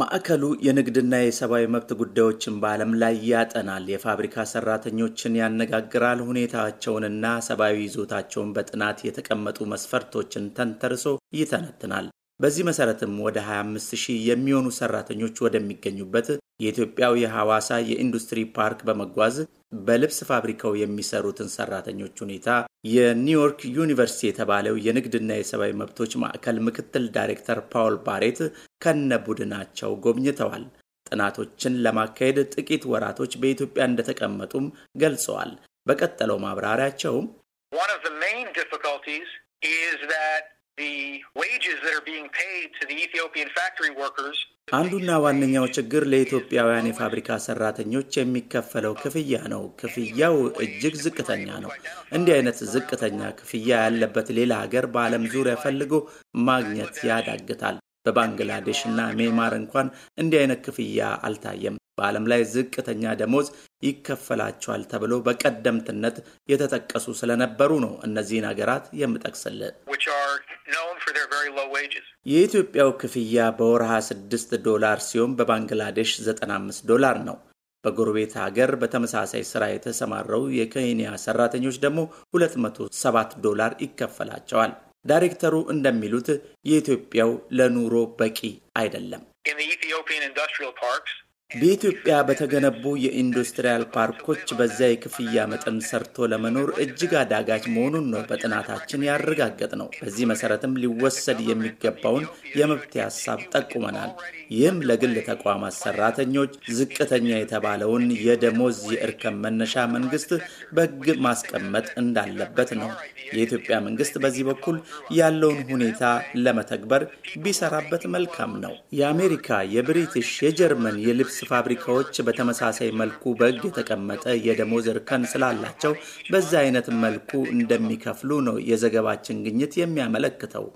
ማዕከሉ የንግድና የሰብአዊ መብት ጉዳዮችን በዓለም ላይ ያጠናል፣ የፋብሪካ ሰራተኞችን ያነጋግራል፣ ሁኔታቸውንና ሰብአዊ ይዞታቸውን በጥናት የተቀመጡ መስፈርቶችን ተንተርሶ ይተነትናል። በዚህ መሰረትም ወደ 25 ሺህ የሚሆኑ ሰራተኞች ወደሚገኙበት የኢትዮጵያው የሐዋሳ የኢንዱስትሪ ፓርክ በመጓዝ በልብስ ፋብሪካው የሚሰሩትን ሰራተኞች ሁኔታ የኒውዮርክ ዩኒቨርሲቲ የተባለው የንግድና የሰብአዊ መብቶች ማዕከል ምክትል ዳይሬክተር ፓውል ባሬት ከነቡድናቸው ጎብኝተዋል። ጥናቶችን ለማካሄድ ጥቂት ወራቶች በኢትዮጵያ እንደተቀመጡም ገልጸዋል። በቀጠለው ማብራሪያቸውም አንዱና ዋነኛው ችግር ለኢትዮጵያውያን የፋብሪካ ሰራተኞች የሚከፈለው ክፍያ ነው። ክፍያው እጅግ ዝቅተኛ ነው። እንዲህ አይነት ዝቅተኛ ክፍያ ያለበት ሌላ ሀገር በዓለም ዙሪያ ፈልጎ ማግኘት ያዳግታል። በባንግላዴሽ እና ሜማር እንኳን እንዲህ አይነት ክፍያ አልታየም። በዓለም ላይ ዝቅተኛ ደሞዝ ይከፈላቸዋል ተብሎ በቀደምትነት የተጠቀሱ ስለነበሩ ነው እነዚህን ሀገራት የምጠቅስል። የኢትዮጵያው ክፍያ 6 26 ዶላር ሲሆን በባንግላዴሽ 95 ዶላር ነው። በጎረቤት ሀገር በተመሳሳይ ስራ የተሰማረው የኬንያ ሰራተኞች ደግሞ 207 ዶላር ይከፈላቸዋል። ዳይሬክተሩ እንደሚሉት የኢትዮጵያው ለኑሮ በቂ አይደለም። በኢትዮጵያ በተገነቡ የኢንዱስትሪያል ፓርኮች በዚያ የክፍያ መጠን ሰርቶ ለመኖር እጅግ አዳጋች መሆኑን ነው በጥናታችን ያረጋገጥ ነው። በዚህ መሰረትም ሊወሰድ የሚገባውን የመብት ሀሳብ ጠቁመናል። ይህም ለግል ተቋማት ሰራተኞች ዝቅተኛ የተባለውን የደሞዝ የእርከን መነሻ መንግስት በሕግ ማስቀመጥ እንዳለበት ነው። የኢትዮጵያ መንግስት በዚህ በኩል ያለውን ሁኔታ ለመተግበር ቢሰራበት መልካም ነው። የአሜሪካ፣ የብሪቲሽ፣ የጀርመን የልብስ ፋብሪካዎች በተመሳሳይ መልኩ በሕግ የተቀመጠ የደሞዝ እርከን ስላላቸው በዛ አይነት መልኩ እንደሚከፍሉ ነው የዘገባችን ግኝት የሚያመለክተው።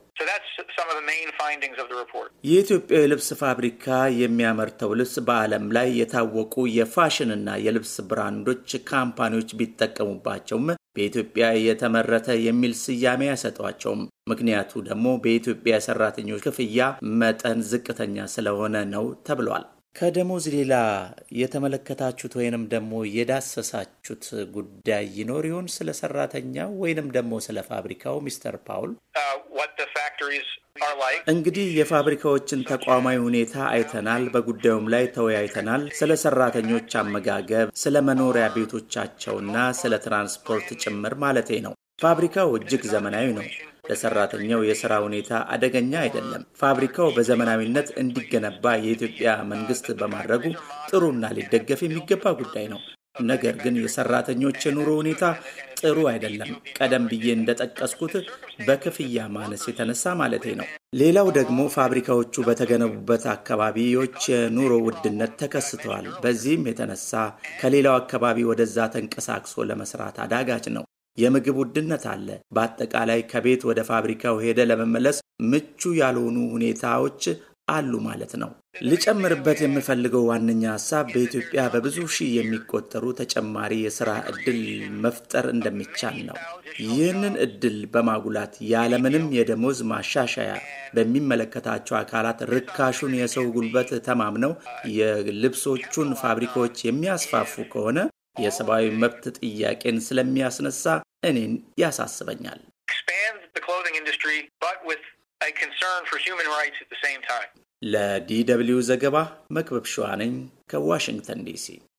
የኢትዮጵያ የልብስ ፋብሪካ የሚያመርተው ልብስ በዓለም ላይ የታወቁ የፋሽንና የልብስ ብራንዶች ካምፓኒዎች ቢጠቀሙባቸውም በኢትዮጵያ የተመረተ የሚል ስያሜ አይሰጧቸውም። ምክንያቱ ደግሞ በኢትዮጵያ የሰራተኞች ክፍያ መጠን ዝቅተኛ ስለሆነ ነው ተብሏል። ከደሞዝ ሌላ የተመለከታችሁት ወይንም ደግሞ የዳሰሳችሁት ጉዳይ ይኖር ይሆን? ስለ ሰራተኛው ወይንም ደግሞ ስለ ፋብሪካው ሚስተር ፓውል? Uh, እንግዲህ የፋብሪካዎችን ተቋማዊ ሁኔታ አይተናል። በጉዳዩም ላይ ተወያይተናል። ስለ ሰራተኞች አመጋገብ፣ ስለ መኖሪያ ቤቶቻቸውና ስለ ትራንስፖርት ጭምር ማለቴ ነው። ፋብሪካው እጅግ ዘመናዊ ነው። ለሰራተኛው የስራ ሁኔታ አደገኛ አይደለም። ፋብሪካው በዘመናዊነት እንዲገነባ የኢትዮጵያ መንግስት በማድረጉ ጥሩና ሊደገፍ የሚገባ ጉዳይ ነው። ነገር ግን የሰራተኞች የኑሮ ሁኔታ ጥሩ አይደለም። ቀደም ብዬ እንደጠቀስኩት በክፍያ ማነስ የተነሳ ማለቴ ነው። ሌላው ደግሞ ፋብሪካዎቹ በተገነቡበት አካባቢዎች የኑሮ ውድነት ተከስተዋል። በዚህም የተነሳ ከሌላው አካባቢ ወደዛ ተንቀሳቅሶ ለመስራት አዳጋች ነው። የምግብ ውድነት አለ። በአጠቃላይ ከቤት ወደ ፋብሪካው ሄደ ለመመለስ ምቹ ያልሆኑ ሁኔታዎች አሉ ማለት ነው። ልጨምርበት የምፈልገው ዋነኛ ሀሳብ በኢትዮጵያ በብዙ ሺህ የሚቆጠሩ ተጨማሪ የሥራ ዕድል መፍጠር እንደሚቻል ነው። ይህንን ዕድል በማጉላት ያለምንም የደሞዝ ማሻሻያ በሚመለከታቸው አካላት ርካሹን የሰው ጉልበት ተማምነው የልብሶቹን ፋብሪካዎች የሚያስፋፉ ከሆነ የሰብአዊ መብት ጥያቄን ስለሚያስነሳ እኔን ያሳስበኛል። ለዲ ደብልዩ ዘገባ መክበብ ሸዋነኝ ከዋሽንግተን ዲሲ